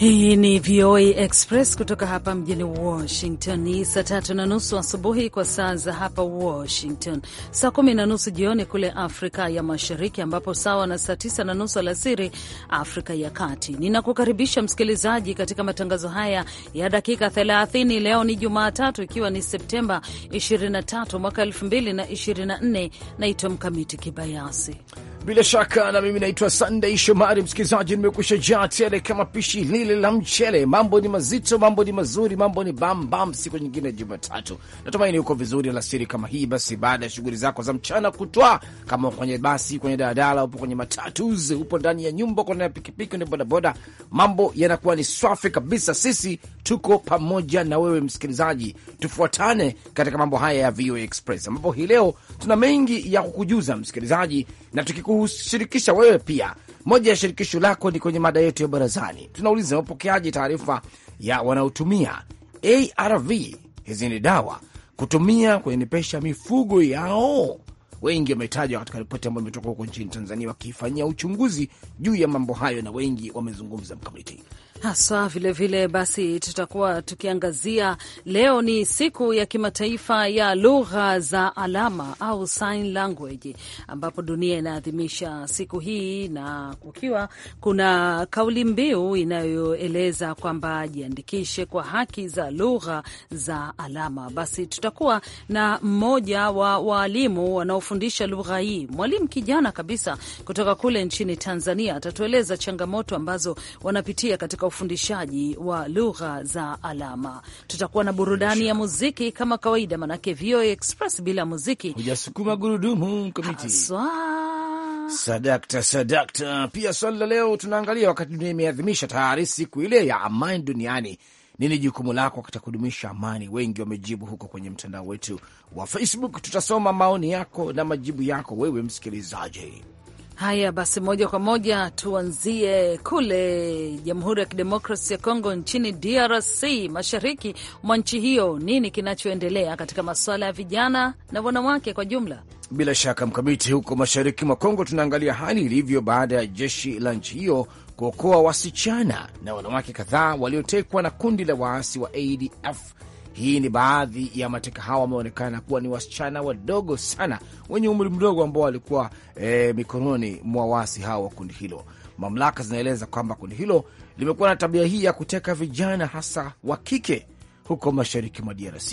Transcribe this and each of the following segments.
Hii ni VOA Express kutoka hapa mjini Washington. Ni saa tatu na nusu asubuhi kwa saa za hapa Washington, saa kumi na nusu jioni kule Afrika ya Mashariki, ambapo sawa na saa tisa na nusu alasiri Afrika ya Kati. Ninakukaribisha msikilizaji katika matangazo haya ya dakika 30. Leo ni Jumatatu, ikiwa ni Septemba 23 mwaka 2024. Naitwa Mkamiti Kibayasi bila shaka na mimi naitwa Sunday Shomari. Msikilizaji, nimekusha jaa tele kama pishi lile la mchele. Mambo ni mazito, mambo ni mazuri, mambo ni bambam. Siku nyingine Jumatatu, natumaini uko vizuri alasiri kama hii. Basi baada ya shughuli zako za mchana kutwa, kama uko kwenye basi, kwenye daladala, upo kwenye matatus, upo ndani ya nyumba, uko na pikipiki na bodaboda, mambo yanakuwa ni swafi kabisa. Sisi tuko pamoja na wewe msikilizaji, tufuatane katika mambo haya ya VOA Express, ambapo hii leo tuna mengi ya kukujuza msikilizaji na tukiku kushirikisha wewe pia. Moja ya shirikisho lako ni kwenye mada yetu ya barazani. Tunauliza, wapokeaji taarifa ya wanaotumia ARV, hizi ni dawa, kutumia kuenepesha mifugo yao. Wengi wametajwa katika ripoti ambayo imetoka huko nchini Tanzania, wakifanyia uchunguzi juu ya mambo hayo, na wengi wamezungumza mkamiti haswa vilevile. Basi tutakuwa tukiangazia leo, ni siku ya kimataifa ya lugha za alama au sign language, ambapo dunia inaadhimisha siku hii, na kukiwa kuna kauli mbiu inayoeleza kwamba jiandikishe kwa haki za lugha za alama. Basi tutakuwa na mmoja wa waalimu wanaofundisha lugha hii, mwalimu kijana kabisa kutoka kule nchini Tanzania, atatueleza changamoto ambazo wanapitia katika ufundishaji wa lugha za alama. Tutakuwa na burudani ya muziki kama kawaida, manake VOA Express bila muziki hujasukuma gurudumu kamiti sadakta sadakta. Pia swali la leo tunaangalia, wakati dunia imeadhimisha tayari siku ile ya amani duniani, nini jukumu lako katika kudumisha amani? Wengi wamejibu huko kwenye mtandao wetu wa Facebook. Tutasoma maoni yako na majibu yako wewe msikilizaji. Haya basi, moja kwa moja tuanzie kule Jamhuri ya Kidemokrasi ya Kongo nchini DRC, mashariki mwa nchi hiyo. Nini kinachoendelea katika masuala ya vijana na wanawake kwa jumla? Bila shaka Mkamiti, huko mashariki mwa Kongo tunaangalia hali ilivyo baada ya jeshi la nchi hiyo kuokoa wasichana na wanawake kadhaa waliotekwa na kundi la waasi wa ADF hii ni baadhi ya mateka hawa wameonekana kuwa ni wasichana wadogo sana wenye umri mdogo ambao walikuwa e, mikononi mwa waasi hawa wa kundi hilo. Mamlaka zinaeleza kwamba kundi hilo limekuwa na tabia hii ya kuteka vijana hasa wa kike huko mashariki mwa DRC.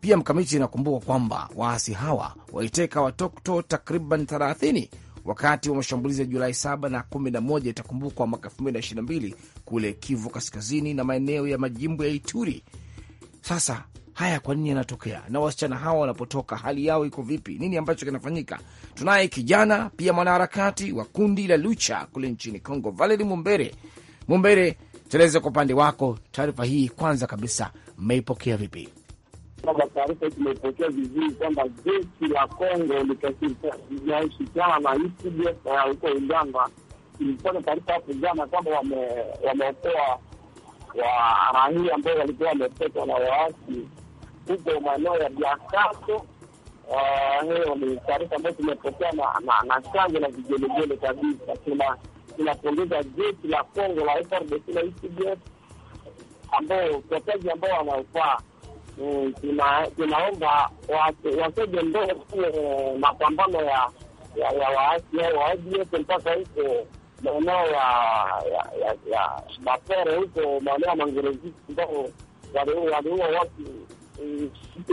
Pia mkamiti inakumbuka kwamba waasi hawa waliteka watoto takriban 30 wakati wa mashambulizi ya Julai 7 na 11, itakumbukwa mwaka 2022 kule Kivu Kaskazini na maeneo ya majimbo ya Ituri sasa haya kwa nini yanatokea, na wasichana hawa wanapotoka hali yao iko vipi? Nini ambacho kinafanyika? Tunaye kijana pia mwanaharakati wa kundi la Lucha kule nchini congo Valeri Mumbere. Mumbere, tueleze kwa upande wako taarifa hii, kwanza kabisa mmeipokea vipi? Taarifa hii tumeipokea vizuri kwamba jeshi la Kongo linashirikiana na e eh, huko Uganda, ilipata taarifa hapo jana kwamba wameokoa wa raia ambao walikuwa wametekwa na waasi huko maeneo ya Biakato. Ah, hiyo ni taarifa ambayo tumepokea na shangwe na vigelegele kabisa. Tunapongeza jeshi la Kongo la FARDC na UCDF e ambao ukotaji ambao wanaofaa. Mm, tunaomba waseje ndoo mapambano ya waasi ao wa ADF mpaka huko maeneo ya Bapere huko maeneo ya Mangerezi ambao waliua watu eh, siku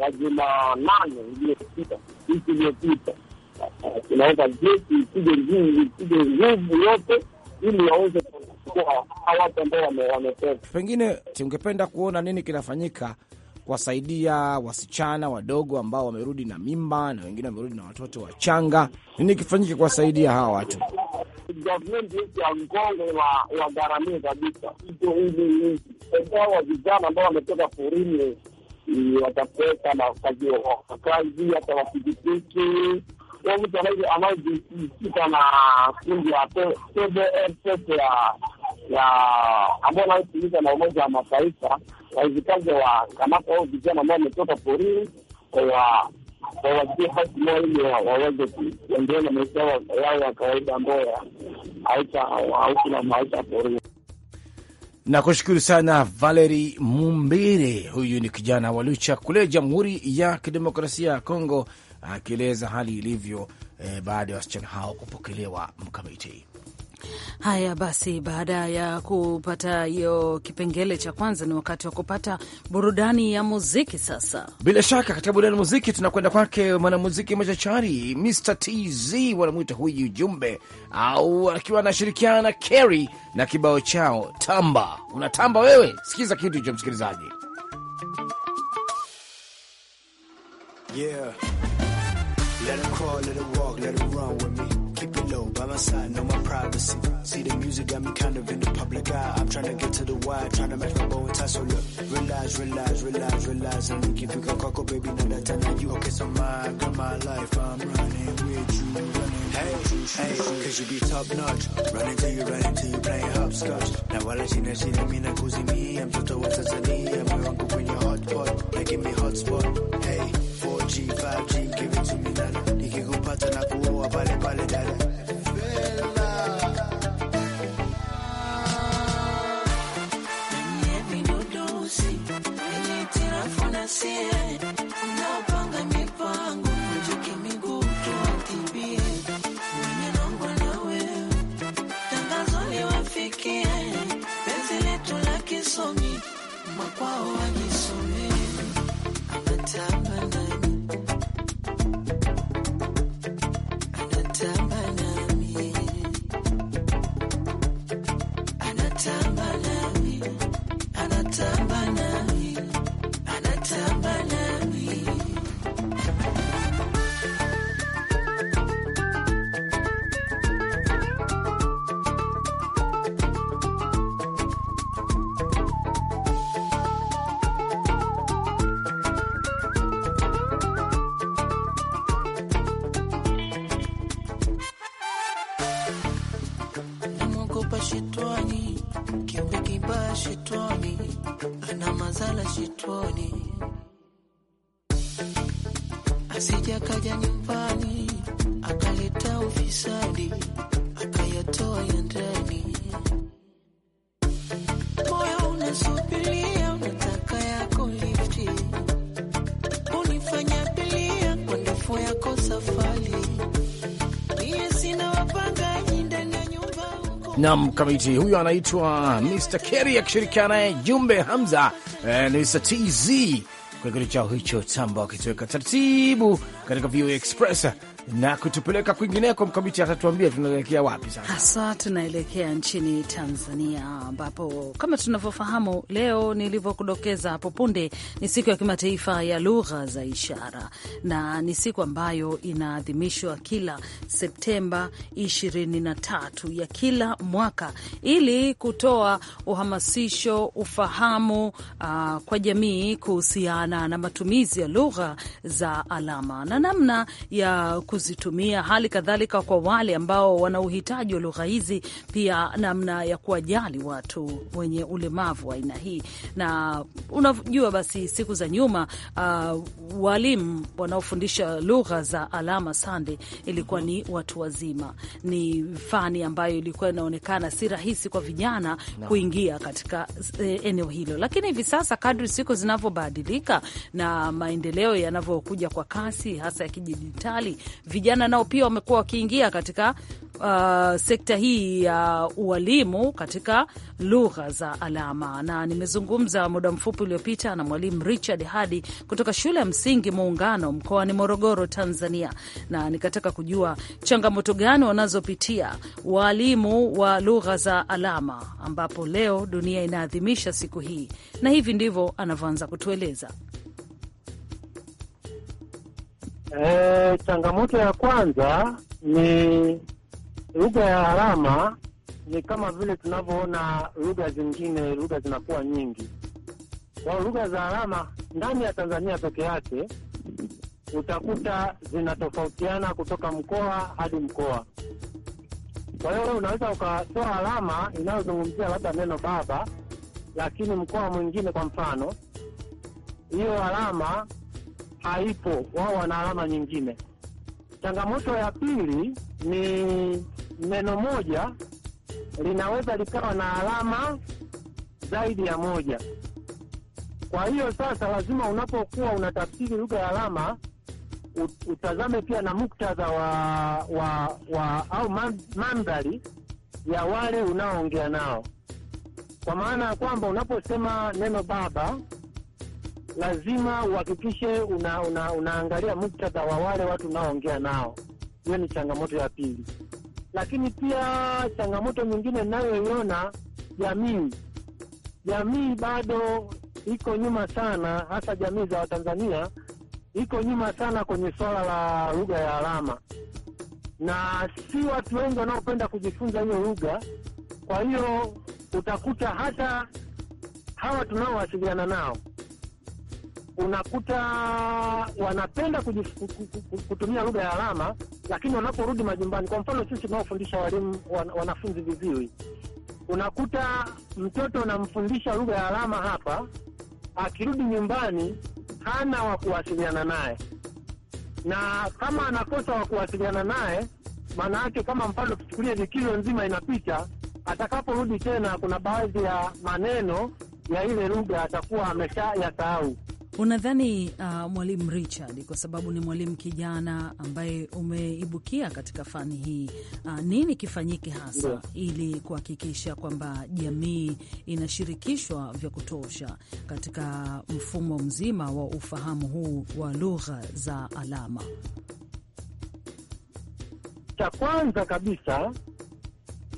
ya Jumanane iliyopita, wiki iliyopita. Eh, Tunaweza jeshi ipige nguvu ipige nguvu yote ili waweze kuchukua watu ambao wametea. Pengine tungependa kuona nini kinafanyika kuwasaidia wasichana wadogo ambao wamerudi na mimba na wengine wamerudi na watoto wachanga. Nini kifanyike kuwasaidia hawa watu? gavumenti yetu ya mgongo wa wagharamia kabisa hizo hizi nchi vijana ambao wametoka porini watapeka na wakazi hata wapikipiki o mtu anayejihusika na kundi ya TDRF ya ya ambao anayotumika na Umoja wa Mataifa, wawezikazi wa kamata hao vijana ambao wametoka porini kwa wawazie basi moa ili waweze kuendelea na maisha yao ya kawaida ambayo Na kushukuru sana Valeri Mumbere, huyu ni kijana wa Lucha kule Jamhuri ya Kidemokrasia ya Kongo, akieleza hali ilivyo eh, baada ya wasichana hao kupokelewa mkamiti Haya basi, baada ya kupata hiyo kipengele cha kwanza, ni wakati wa kupata burudani ya muziki sasa. Bila shaka, katika burudani ya muziki tunakwenda kwake mwanamuziki machachari Mr TZ, wanamwita huyu Jumbe, au akiwa anashirikiana na Kerry na kibao chao Tamba. Unatamba wewe, sikiza kitu cha msikilizaji. yeah. let it crawl, let it walk, let it run. I no more privacy. See the music got me kind of in the public eye. I'm trying to get to the wire, trying to match my bow and tie. So look, realize, realize, realize, realize. And you keep cocoa, coco, baby, now that time you okay, so mine, got my life. I'm running with you, running. Hey, hey, cause you be top notch. Running till you, running till you playing hopscotch. Now while I see that she let me not cozy me, I'm just always as a knee. I'm your uncle when you're hot pot, like give me hot spot. Hey, 4G, 5G, give it to me now. You can go part and I shetani, kiumbe kibaya shetani, ana mazala shetani, asija kaja nyumbani akaleta ufisadi akayatoa ya ndani. Moyo unasubiria unataka yako lifti, unifanya bilia kwa ndefu yako safari, niye sina wapanga na mkamiti huyo anaitwa Mr Kerry akishirikiana naye Jumbe Hamza eh, TZ kwa kitu chao hicho tamba wakitoweka taratibu katika VOA Express na kutupeleka kwingineko. Mkamiti atatuambia tunaelekea wapi sasa? Hasa tunaelekea nchini Tanzania, ambapo kama tunavyofahamu, leo nilivyokudokeza hapo punde, ni siku ya kimataifa ya lugha za ishara, na ni siku ambayo inaadhimishwa kila Septemba 23 ya kila mwaka ili kutoa uhamasisho, ufahamu uh, kwa jamii kuhusiana na matumizi ya lugha za alama na namna ya kuzitumia, hali kadhalika kwa wale ambao wana uhitaji wa lugha hizi, pia namna ya kuwajali watu wenye ulemavu wa aina hii. Na unajua basi, siku za nyuma uh, walimu wanaofundisha lugha za alama sande ilikuwa ni watu wazima. Ni fani ambayo ilikuwa inaonekana si rahisi kwa vijana no. kuingia katika eh, eneo hilo, lakini hivi sasa kadri siku zinavyobadilika na maendeleo yanavyokuja kwa kasi hasa ya kidijitali, vijana nao pia wamekuwa wakiingia katika uh, sekta hii ya uh, ualimu katika lugha za alama, na nimezungumza muda mfupi uliopita na mwalimu Richard Hadi kutoka shule ya msingi Muungano mkoani Morogoro, Tanzania, na nikataka kujua changamoto gani wanazopitia waalimu wa lugha za alama, ambapo leo dunia inaadhimisha siku hii, na hivi ndivyo anavyoanza kutueleza. E, changamoto ya kwanza ni lugha ya alama. Ni kama vile tunavyoona lugha zingine, lugha zinakuwa nyingi, kwa lugha za alama ndani ya Tanzania peke yake utakuta zinatofautiana kutoka mkoa hadi mkoa. Kwa hiyo unaweza ukatoa alama inayozungumzia labda neno baba, lakini mkoa mwingine, kwa mfano, hiyo alama haipo, wao wana alama nyingine. Changamoto ya pili ni neno moja linaweza likawa na alama zaidi ya moja. Kwa hiyo sasa, lazima unapokuwa unatafsiri lugha ya alama utazame pia na muktadha wa, wa, wa au mandhari ya wale unaoongea nao, kwa maana ya kwamba unaposema neno baba lazima uhakikishe una, una, unaangalia muktadha wa wale watu unaoongea nao. Hiyo ni changamoto ya pili, lakini pia changamoto nyingine nayoiona jamii, jamii bado iko nyuma sana, hasa jamii za Watanzania iko nyuma sana kwenye swala la lugha ya alama, na si watu wengi wanaopenda kujifunza hiyo lugha. Kwa hiyo utakuta hata hawa tunaowasiliana nao unakuta wanapenda kutumia lugha ya alama, lakini wanaporudi majumbani, kwa mfano sisi tunaofundisha walimu wanafunzi viziwi, unakuta mtoto unamfundisha lugha ya alama hapa, akirudi nyumbani hana wa kuwasiliana naye, na kama anakosa wa kuwasiliana naye, maana yake kama mfano tuchukulie vikilo nzima inapita, atakaporudi tena, kuna baadhi ya maneno ya ile lugha atakuwa amesha yasahau Unadhani uh, mwalimu Richard, kwa sababu ni mwalimu kijana ambaye umeibukia katika fani hii uh, nini kifanyike hasa yeah, ili kuhakikisha kwamba jamii inashirikishwa vya kutosha katika mfumo mzima wa ufahamu huu wa lugha za alama? Cha kwanza kabisa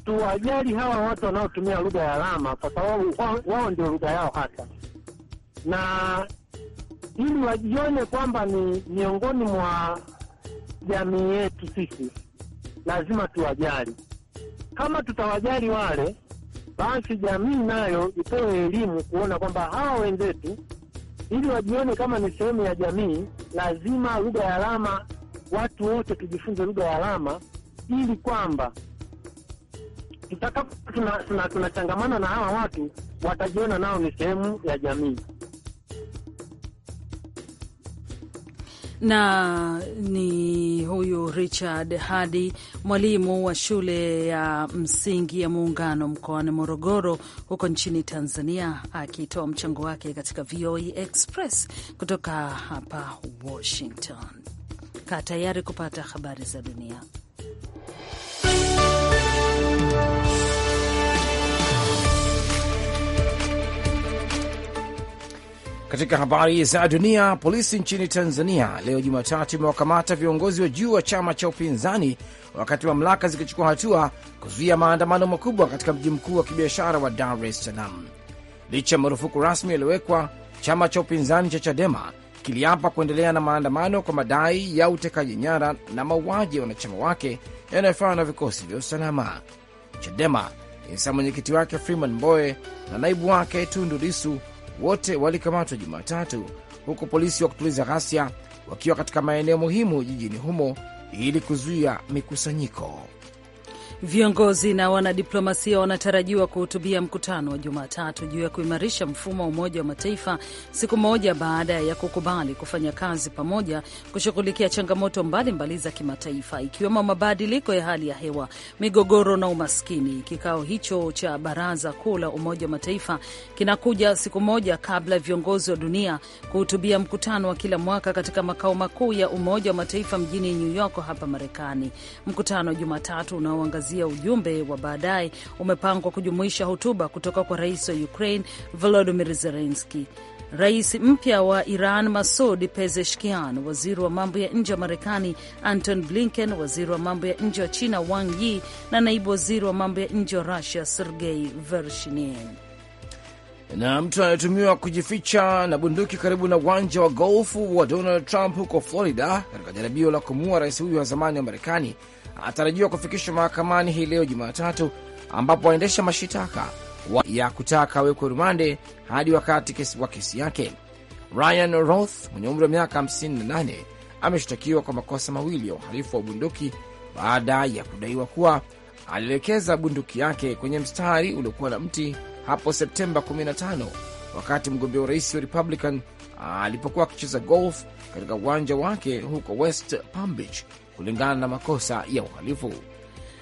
tuwajali hawa watu wanaotumia lugha ya alama, kwa sababu wao ndio lugha yao hasa na ili wajione kwamba ni miongoni mwa jamii yetu. Sisi lazima tuwajali. Kama tutawajali wale, basi jamii nayo ipewe elimu kuona kwamba hawa wenzetu, ili wajione kama ni sehemu ya jamii, lazima lugha ya alama, watu wote tujifunze lugha ya alama, ili kwamba tutakapo tunachangamana tuna, tuna na hawa watu watajiona nao ni sehemu ya jamii. na ni huyu Richard Hadi, mwalimu wa shule ya msingi ya Muungano mkoani Morogoro huko nchini Tanzania, akitoa mchango wake katika VOA e Express kutoka hapa Washington. Kaa tayari kupata habari za dunia. Katika habari za dunia, polisi nchini Tanzania leo Jumatatu imewakamata viongozi wa juu wa chama cha upinzani wakati mamlaka zikichukua hatua kuzuia maandamano makubwa katika mji mkuu wa kibiashara wa Dar es Salaam. Licha ya marufuku rasmi yaliyowekwa chama cha upinzani cha Chadema kiliapa kuendelea na maandamano kwa madai ya utekaji nyara na mauaji ya wanachama wake yanayofanywa na vikosi vya usalama. Chadema inasema mwenyekiti wake Freeman Mbowe na naibu wake Tundu Lissu wote walikamatwa Jumatatu, huku polisi wa kutuliza ghasia wakiwa katika maeneo muhimu jijini humo ili kuzuia mikusanyiko. Viongozi na wanadiplomasia wanatarajiwa kuhutubia mkutano wa Jumatatu juu ya kuimarisha mfumo wa Umoja wa Mataifa siku moja baada ya kukubali kufanya kazi pamoja kushughulikia changamoto mbalimbali za kimataifa ikiwemo mabadiliko ya hali ya hewa, migogoro na umaskini. Kikao hicho cha Baraza Kuu la Umoja wa Mataifa kinakuja siku moja kabla ya viongozi wa dunia kuhutubia mkutano wa kila mwaka katika makao makuu ya Umoja wa Mataifa mjini New York hapa Marekani. Mkutano wa Jumatatu unaoangazia kuzungumzia ujumbe wa baadaye umepangwa kujumuisha hotuba kutoka kwa rais wa Ukraine volodimir zelenski rais mpya wa Iran Masud Pezeshkian, waziri wa mambo ya nje wa Marekani Anton Blinken, waziri wa mambo ya nje wa China Wang Yi na naibu waziri wa mambo ya nje wa Rusia Sergei Vershinin na mtu anayetumiwa kujificha na bunduki karibu na uwanja wa golfu wa Donald Trump huko Florida katika jaribio la kumuua rais huyo wa zamani wa Marekani anatarajiwa kufikishwa mahakamani hii leo Jumatatu, ambapo waendesha mashitaka ya kutaka awekwe rumande hadi wakati wa kesi yake. Ryan Roth mwenye umri wa miaka 58 ameshtakiwa kwa makosa mawili ya uhalifu wa bunduki baada ya kudaiwa kuwa alielekeza bunduki yake kwenye mstari uliokuwa na mti hapo Septemba 15 wakati mgombea wa rais wa Republican ah, alipokuwa akicheza golf katika uwanja wake huko West Palm Beach kulingana na makosa ya uhalifu.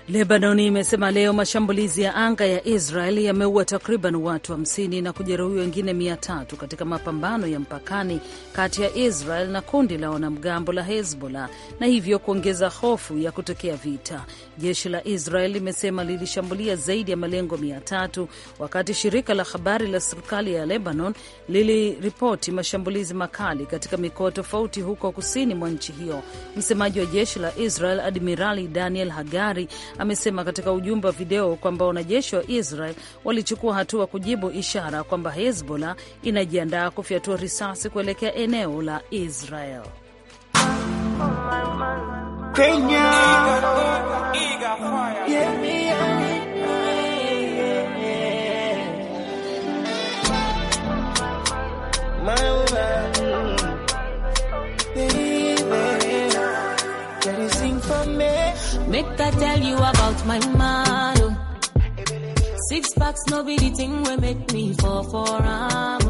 Lebanoni imesema leo mashambulizi ya anga ya Israel yameua takriban watu 50 wa na kujeruhi wengine 300 katika mapambano ya mpakani kati ya Israel na kundi la wanamgambo la Hezbollah na hivyo kuongeza hofu ya kutokea vita. Jeshi la Israel limesema lilishambulia zaidi ya malengo 300 wakati shirika la habari la serikali ya Lebanon liliripoti mashambulizi makali katika mikoa tofauti huko kusini mwa nchi hiyo. Msemaji wa jeshi la Israel Admirali Daniel Hagari amesema katika ujumbe wa video kwamba wanajeshi wa Israel walichukua hatua kujibu ishara kwamba Hezbollah inajiandaa kufyatua risasi kuelekea eneo la Israel. Kenya. Make I tell you about my man. Six packs, no be the thing will make me fall for arm.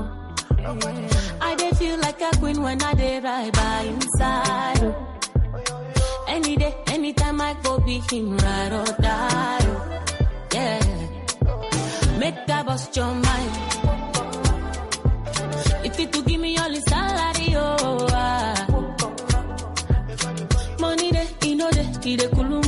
I dey feel like a queen when I dey ride by inside. Any day, anytime I go be him, ride or die. Yeah. Make that bust your mind. If you to give me all his salary, oh. Ah. Money dey, you know day, he dey cool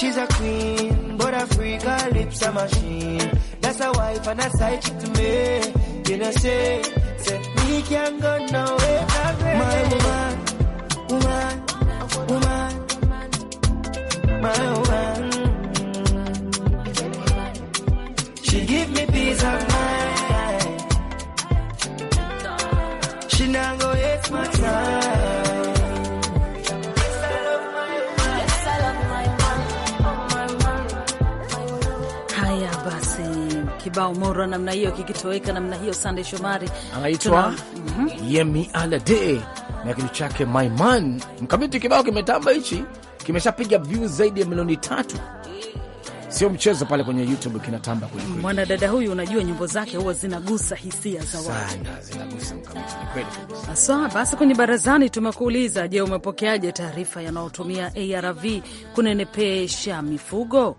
She's a queen, but a freak, her lips a machine. That's a wife and a side chick to me. You know, say, said me can't go now. kibao mora namna hiyo kikitoweka namna hiyo. Sande Shomari anaitwa mhm. Yemi Alade na kitu chake my man mkamiti. Kibao kimetamba hichi, kimeshapiga vyu zaidi ya milioni tatu. Sio mchezo pale kwenye YouTube kinatamba kweli kweli. Mwanadada huyu unajua nyimbo zake huwa zinagusa hisia za watu. Sana zinagusa mkamiti kweli basi kwenye barazani tumekuuliza, je, umepokeaje taarifa yanayotumia ARV kunenepesha mifugo?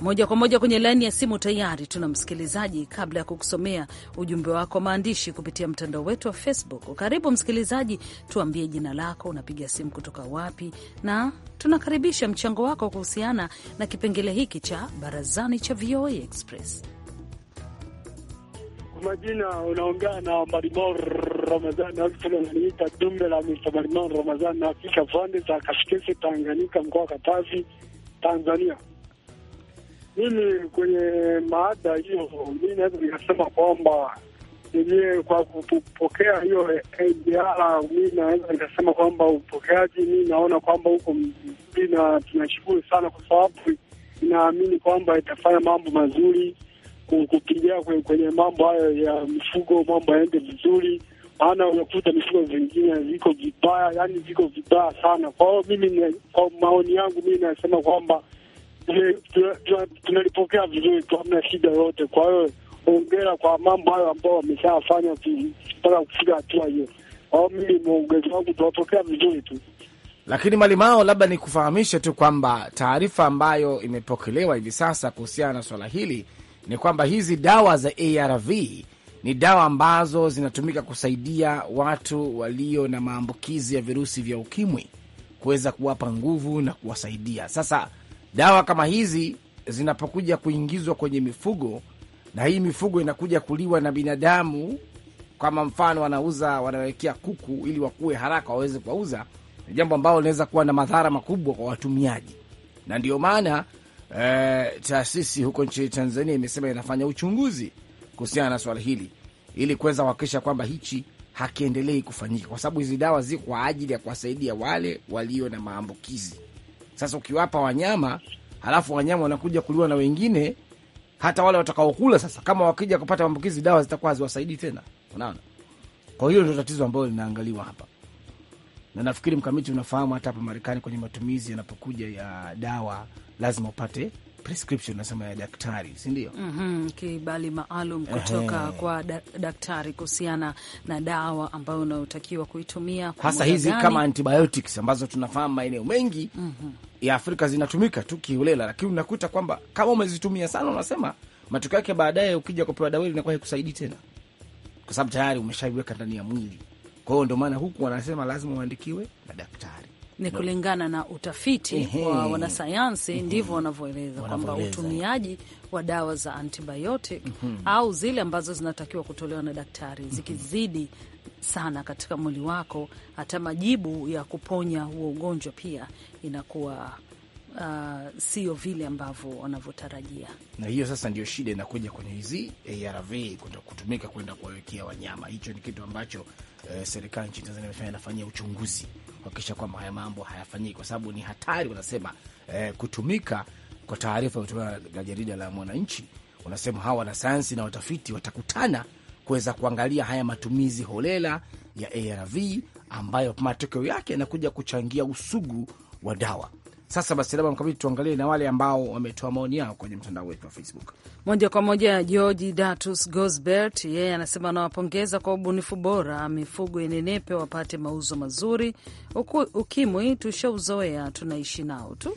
Moja kwa moja kwenye laini ya simu tayari tuna msikilizaji. Kabla ya kukusomea ujumbe wako maandishi kupitia mtandao wetu wa Facebook, karibu msikilizaji, tuambie jina lako, unapiga simu kutoka wapi, na tunakaribisha mchango wako kuhusiana na kipengele hiki cha barazani cha VOA Express. Majina unaongea na Marimor Ramadhani naniita dume la Mr. Marimor Ramadhani na Fande za Kasikese, Tanganyika, mkoa wa Katavi, Tanzania. Mimi kwenye maada hiyo, mi naweza nikasema kwamba yenyewe kwa kupokea hiyo ADR, mi naweza nikasema kwamba upokeaji, mi naona kwamba huko na tunashukuru sana, kwa sababu inaamini kwamba itafanya mambo mazuri kupigia kwenye mambo hayo ya mifugo, mambo yaende vizuri, maana unakuta mifugo zingine ziko vibaya, yani ziko vibaya sana. Kwa hiyo mimi, kwa maoni yangu, mi nasema kwamba tunalipokea vizuri, hamna shida yote. Kwa hiyo hongera kwa mambo hayo ambao wameshafanya mpaka kufika hatua hiyo. Mimi mwongezi wangu tunapokea vizuri tu, lakini Malimao, labda nikufahamishe tu kwamba taarifa ambayo imepokelewa hivi sasa kuhusiana na swala hili ni kwamba hizi dawa za ARV ni dawa ambazo zinatumika kusaidia watu walio na maambukizi ya virusi vya ukimwi kuweza kuwapa nguvu na kuwasaidia. Sasa dawa kama hizi zinapokuja kuingizwa kwenye mifugo na hii mifugo inakuja kuliwa na binadamu, kama mfano wanauza wanawekea kuku ili wakue haraka waweze kuwauza, ni jambo ambalo linaweza kuwa na madhara makubwa kwa watumiaji, na ndio maana e, taasisi huko nchini Tanzania imesema inafanya uchunguzi kuhusiana na swala hili ili kuweza kuhakikisha kwamba hichi hakiendelei kufanyika, kwa sababu hizi dawa ziko kwa ajili ya kuwasaidia wale walio na maambukizi sasa ukiwapa wanyama halafu wanyama wanakuja kuliwa na wengine, hata wale watakaokula sasa, kama wakija kupata maambukizi, dawa zitakuwa haziwasaidii tena, unaona. Kwa hiyo ndio tatizo ambalo linaangaliwa hapa, na nafikiri mkamiti, unafahamu hata hapa Marekani kwenye matumizi yanapokuja ya dawa lazima upate prescription nasema ya daktari, si ndio? mm -hmm, kibali maalum kutoka Ehe, kwa da daktari kuhusiana na dawa ambayo unaotakiwa kuitumia hasa hizi gani, kama antibiotics ambazo tunafahamu maeneo mengi mm -hmm ya Afrika zinatumika tu kiulela, lakini unakuta kwamba kama umezitumia sana, unasema matokeo yake baadaye ukija kupewa dawa inakuwa haikusaidii tena, kwa sababu tayari umeshaiweka ndani ya mwili. Kwa hiyo ndio maana huku wanasema lazima uandikiwe na daktari ni kulingana na utafiti wa wanasayansi, ndivyo wanavyoeleza kwamba utumiaji wa dawa za antibiotic uhum, au zile ambazo zinatakiwa kutolewa na daktari zikizidi sana katika mwili wako, hata majibu ya kuponya huo ugonjwa pia inakuwa Uh, sio vile ambavyo wanavyotarajia, na hiyo sasa ndio shida inakuja kwenye hizi ARV kutumika kwenda kuwawekea wanyama. Hicho ni kitu ambacho uh, serikali nchini Tanzania inafanyia uchunguzi kuhakikisha kwamba haya mambo hayafanyiki, kwa sababu ni hatari. Wanasema uh, kutumika kwa taarifa kutoka na jarida la Mwananchi, wanasema hawa wanasayansi na watafiti watakutana kuweza kuangalia haya matumizi holela ya ARV ambayo matokeo yake yanakuja kuchangia usugu wa dawa. Sasa basi, labda Mkabidi, tuangalie na wale ambao wametoa maoni yao kwenye mtandao wetu wa Facebook moja kwa moja. Georgi Datus Gosbert yeye yeah, anasema anawapongeza kwa ubunifu bora, mifugo inenepe wapate mauzo mazuri. Ukimwi tushauzoea, tunaishi nao tu.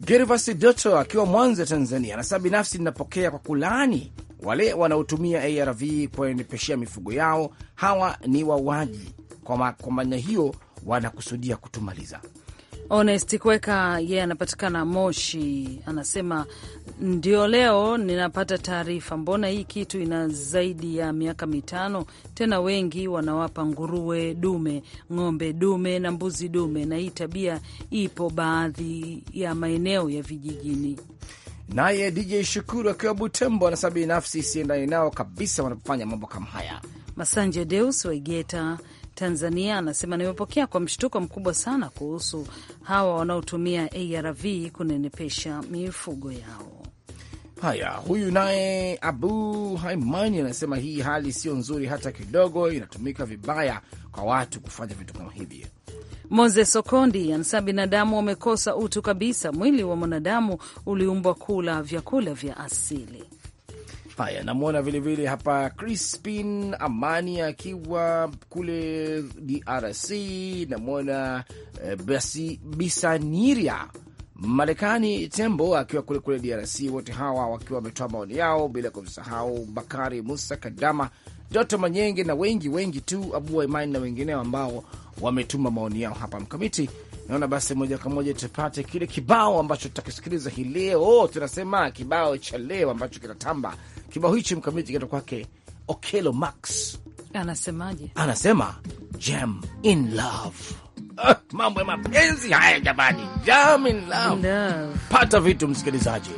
Gervas Doto akiwa Mwanza, Tanzania, anasema binafsi ninapokea kwa kulaani wale wanaotumia ARV kuwaendepeshea mifugo yao. Hawa ni wauaji, kwa maana hiyo wanakusudia kutumaliza. Honest Kweka yeye, yeah, anapatikana Moshi, anasema ndio leo ninapata taarifa. Mbona hii kitu ina zaidi ya miaka mitano? Tena wengi wanawapa nguruwe dume, ng'ombe dume na mbuzi dume, na hii tabia ipo baadhi ya maeneo ya vijijini. Naye DJ Shukuru akiwa Butembo anasema binafsi siendani nao kabisa wanapofanya mambo kama haya. Masanje Deus Waigeta Tanzania anasema nimepokea kwa mshtuko mkubwa sana kuhusu hawa wanaotumia ARV kunenepesha mifugo yao. Haya, huyu naye Abu Haimani anasema hii hali sio nzuri hata kidogo, inatumika vibaya kwa watu kufanya vitu kama hivi. Moses Sokondi anasema binadamu wamekosa utu kabisa, mwili wa mwanadamu uliumbwa kula vyakula vya asili. Haya, namwona vilevile hapa Crispin Amani akiwa kule DRC, namwona eh, basi Bisaniria Marekani, Tembo akiwa kule kule DRC, wote hawa wakiwa wametoa maoni yao, bila kumsahau Bakari Musa Kadama, Doto Manyenge na wengi wengi tu, Abua Imani na wengineo ambao wametuma maoni yao hapa mkamiti naona basi moja kwa moja tupate kile kibao ambacho tutakisikiliza hii leo. Oh, tunasema kibao cha leo ambacho kinatamba, kibao hichi mkamiti kinato kwake Okelo Max. Anasemaje? Anasema jam in love. Ah, mambo ya mapenzi haya jamani, jam in love. Pata vitu msikilizaji.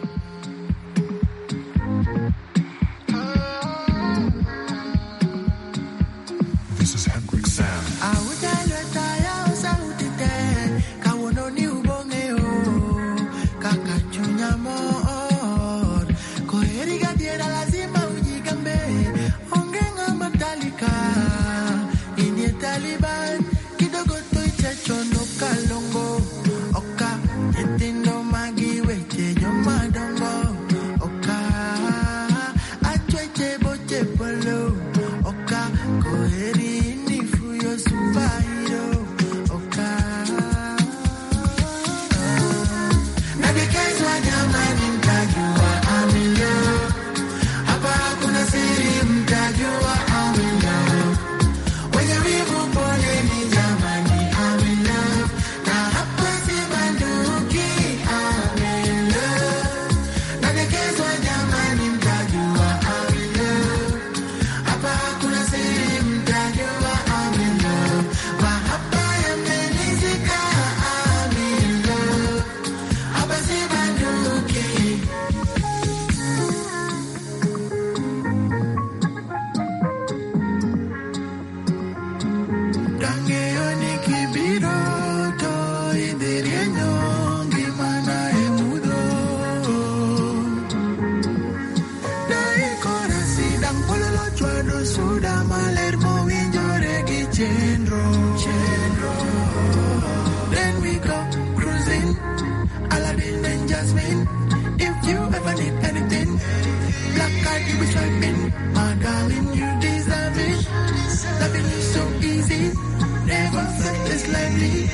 is lively.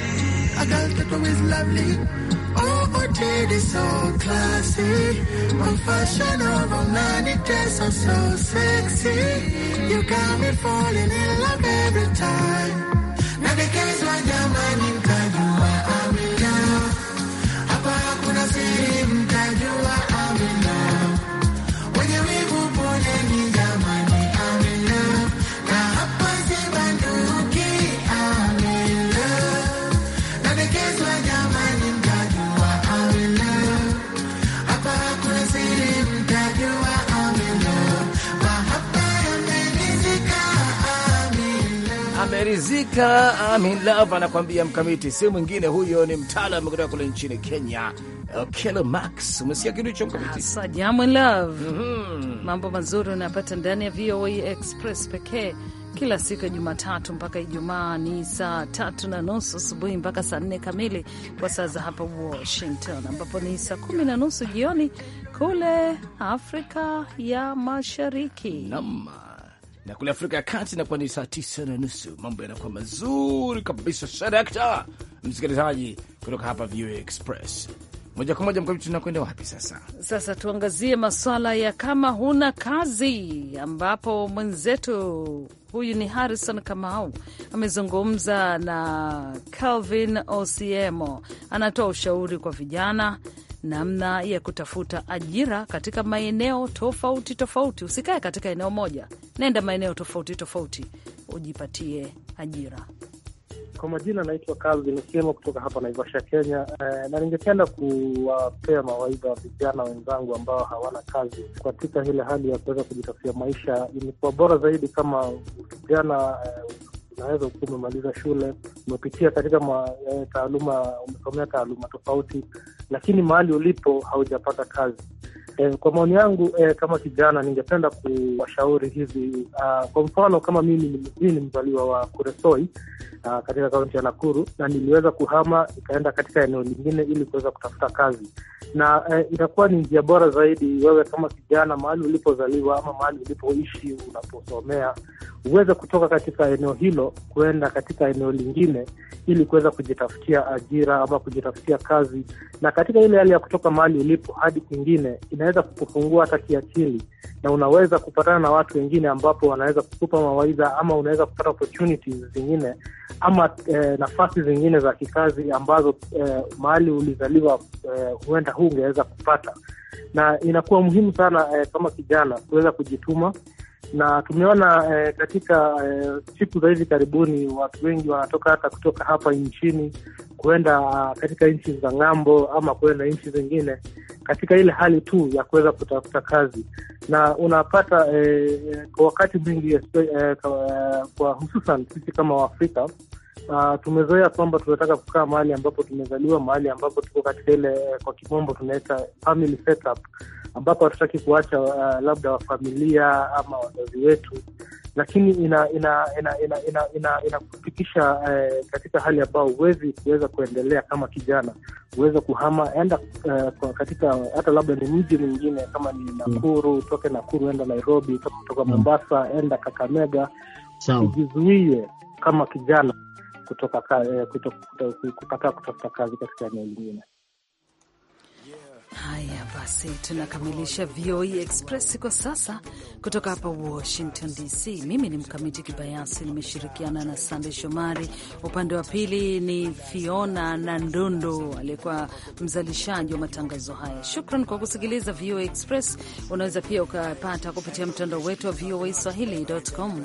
A girl tattoo is lovely. Oh, but it is so classy. My fashion over nine, it tastes so sexy. You got me falling in love every time. Now the case when your mind Pumzika, Amin Love anakuambia mkamiti, si mwingine huyo, ni mtaalam kutoka kule nchini Kenya. Kelo Max, umesikia kitu hicho mkamiti? Sasa Amin Love, mm -hmm. Mambo mazuri unapata ndani ya VOA Express pekee kila siku ya Jumatatu mpaka Ijumaa ni saa tatu na nusu asubuhi mpaka saa nne kamili kwa saa za hapa Washington, ambapo ni saa kumi na nusu jioni kule Afrika ya Mashariki. Nama na kule Afrika ya Kati inakuwa ni saa tisa na nusu. Mambo yanakuwa mazuri kabisa sadakta, msikilizaji, kutoka hapa VOA Express moja kwa moja. Mkamiti, tunakwenda wapi sasa? Sasa tuangazie maswala ya kama huna kazi, ambapo mwenzetu huyu ni Harrison Kamau amezungumza na Calvin Osiemo, anatoa ushauri kwa vijana namna ya kutafuta ajira katika maeneo tofauti tofauti. Usikae katika eneo moja, nenda maeneo tofauti tofauti ujipatie ajira. Kwa majina anaitwa Kazi Nisema kutoka hapa Naivasha, Kenya. E, na ningependa kuwapea mawaidha vijana wenzangu ambao hawana kazi katika ile hali ya kuweza kujitafutia maisha. Imekuwa bora zaidi kama vijana e, unaweza kuwa umemaliza shule, umepitia katika ma, eh, taaluma, umesomea taaluma tofauti, lakini mahali ulipo haujapata kazi. E, kwa maoni yangu e, kama kijana ningependa kuwashauri hivi. Uh, kwa mfano kama mimi ni mzaliwa wa Kuresoi uh, katika kaunti ya Nakuru na niliweza kuhama nikaenda katika eneo lingine ili kuweza kutafuta kazi, na e, itakuwa ni njia bora zaidi wewe kama kijana, mahali ulipozaliwa ama mahali ulipoishi unaposomea, uweze kutoka katika eneo hilo kuenda katika eneo lingine, ili kuweza kujitafutia ajira ama kujitafutia kazi. Na katika ile hali ya kutoka mahali ulipo hadi kwingine, inaweza kukufungua hata kiakili, na unaweza kupatana na watu wengine ambapo wanaweza kukupa mawaidha, ama unaweza kupata opportunities zingine ama eh, nafasi zingine za kikazi ambazo eh, mahali ulizaliwa eh, huenda huu ungeweza kupata, na inakuwa muhimu sana eh, kama kijana kuweza kujituma na tumeona eh, katika eh, siku za hivi karibuni watu wengi wanatoka hata kutoka hapa nchini kuenda ah, katika nchi za ng'ambo ama kuenda nchi zingine katika ile hali tu ya kuweza kutafuta kazi, na unapata eh, eh kwa wakati mwingi eh, eh, kwa hususan sisi kama Waafrika Uh, tumezoea kwamba tunataka kukaa mahali ambapo tumezaliwa, mahali ambapo tuko katika ile, kwa kimombo tunaita family setup, ambapo hatutaki kuacha uh, labda wafamilia ama wazazi wetu, lakini ina ina ina ina, ina, ina uh, katika hali ambayo huwezi kuweza kuendelea kama kijana, huweza kuhama enda uh, katika hata labda ni mji mwingine kama ni mm. Nakuru, utoke Nakuru enda Nairobi, kutoka mm. Mombasa enda Kakamega, ujizuie kama kijana kutoka eh, kukataa kutafuta kazi katika eneo lingine. Haya basi, tunakamilisha VOA e Express kwa sasa kutoka hapa Washington DC. Mimi ni Mkamiti Kibayasi, nimeshirikiana na Sande Shomari, upande wa pili ni Fiona na Ndundu aliyekuwa mzalishaji wa matangazo haya. Shukran kwa kusikiliza VOA e Express. Unaweza pia ukapata kupitia mtandao wetu wa voa e swahili.com.